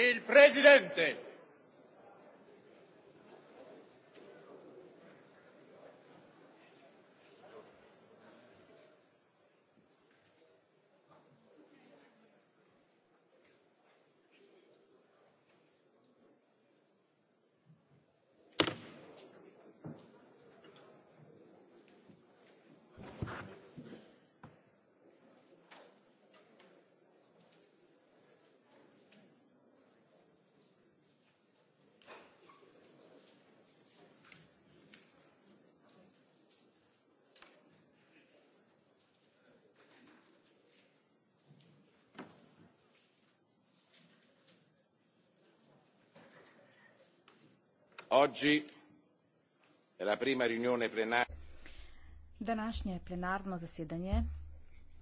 il presidente. oggi è la prima riunione plenaria.